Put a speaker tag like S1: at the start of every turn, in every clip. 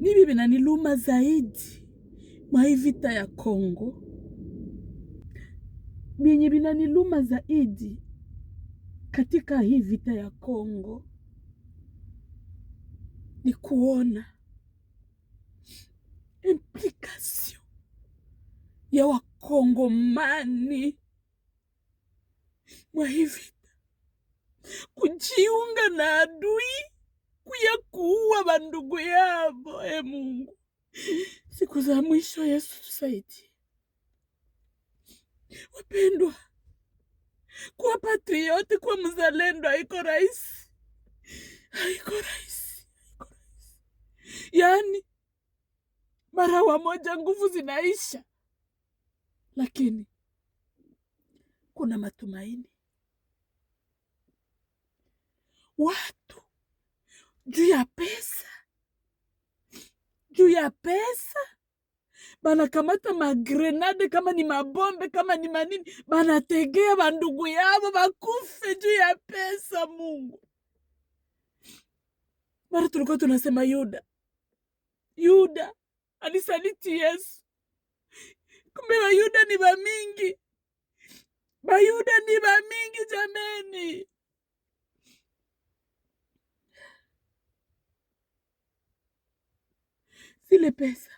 S1: nivi vinaniluma zaidi mwa hii vita ya Kongo, vyenye vinaniluma zaidi katika hii vita ya Kongo ni kuona implikasio ya wakongomani mwa hii vita, kujiunga na adui ya kuua bandugu yavo. E Mungu, siku za mwisho Yesu tusaidie. Wapendwa, kuwa patrioti, kuwa mzalendo haiko rahisi, haiko rahisi, haiko rahisi. Yaani mara wa moja nguvu zinaisha, lakini kuna matumaini juu ya pesa, juu ya pesa banakamata magrenade kama ni mabombe kama ni manini, banategea bandugu yabo bakufe juu ya pesa. Mungu, mara tulikuwa tunasema Yuda, Yuda alisaliti Yesu, kumbe Bayuda ni bamingi, Bayuda ni bamingi jameni. zile pesa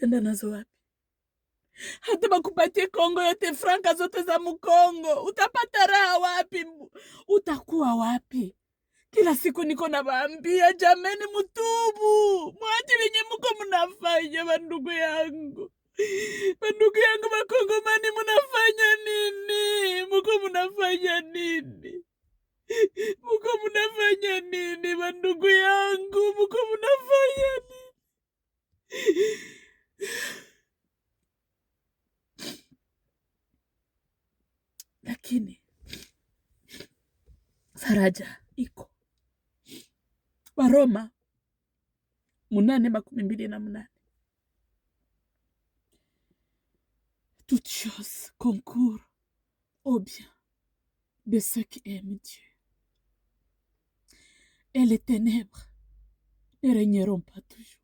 S1: tenda nazo wapi? Hata bakupatie Kongo yote, franka zote za Mkongo, utapata raha wapi? Utakuwa wapi? Kila siku niko na jameni, mutubu, mwache venye muko mnafanya, bandugu yangu, bandugu yangu. lakini faraja iko. Waroma munane makumi mbili na munane toute chose concourt au bien de ceux qui aiment Dieu et les ténèbres ne régneront pas toujours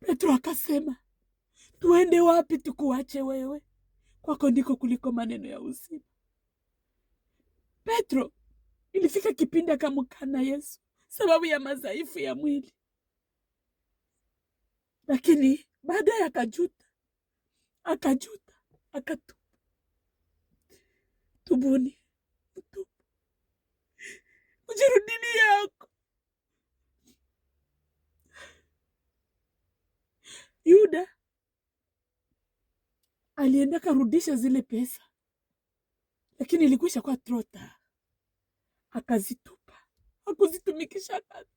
S1: Petro akasema, tuende wapi tukuache wewe? Kwako ndiko kuliko maneno ya uzima. Petro ilifika kipindi akamkana Yesu sababu ya madhaifu ya mwili, lakini baadaye akajuta, akajuta, akatubu. Tubuni, mtubu, mjirudini alienda karudisha zile pesa, lakini ilikwisha kwa trota, akazitupa akuzitumikisha kata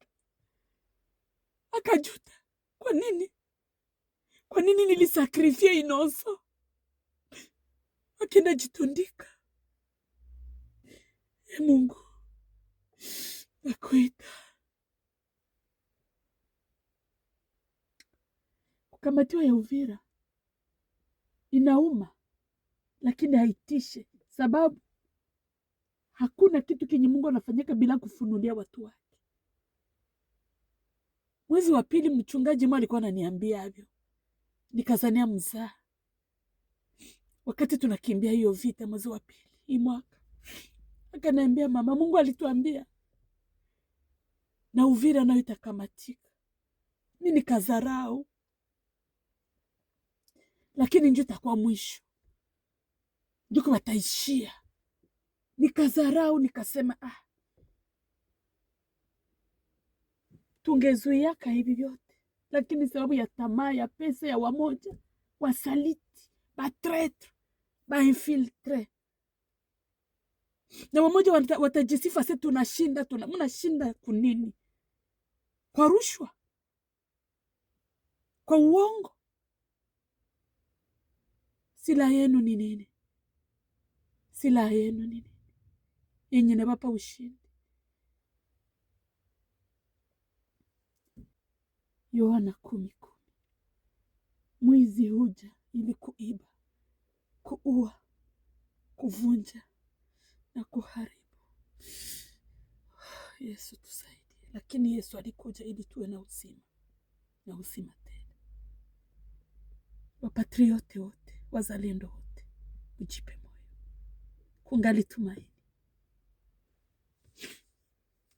S1: akajuta. Kwa nini? Kwa nini nilisakrifia Inoso? Akenda jitundika. E Mungu, nakuita kukamatiwa ya Uvira inauma, lakini haitishi, sababu hakuna kitu kenye Mungu anafanyika bila kufunulia watu wake. Mwezi wa pili mchungaji mwa alikuwa ananiambia hivyo, nikazania mzaa, wakati tunakimbia hiyo vita mwezi wa pili hii mwaka, akaniambia mama, Mungu alituambia na Uvira nayo itakamatika. Mi nikazarau lakini njo itakuwa mwisho, ndiko wataishia. nikadharau nikasema ah, tungezuiaka hivi vyote, lakini sababu ya tamaa ya pesa ya wamoja, wasaliti, batretre, bainfiltre na wamoja watajisifa se tunashinda, tuna mnashinda kunini? Kwa rushwa, kwa uongo silaha yenu ni nini? Silaha yenu ni nini yenye inawapa ushindi? Yohana kumi kumi. Mwizi huja ili kuiba, kuua, kuvunja na kuharibu. Yesu tusaidie. Lakini Yesu alikuja ili tuwe na uzima na uzima tena Wapatriote wote Wazalendo wote ujipe moyo, kungali tumaini.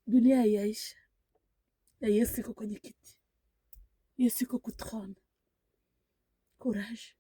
S1: Dunia haiyaisha na Yesu iko kwenye kiti, Yesu iko kutrona. Courage.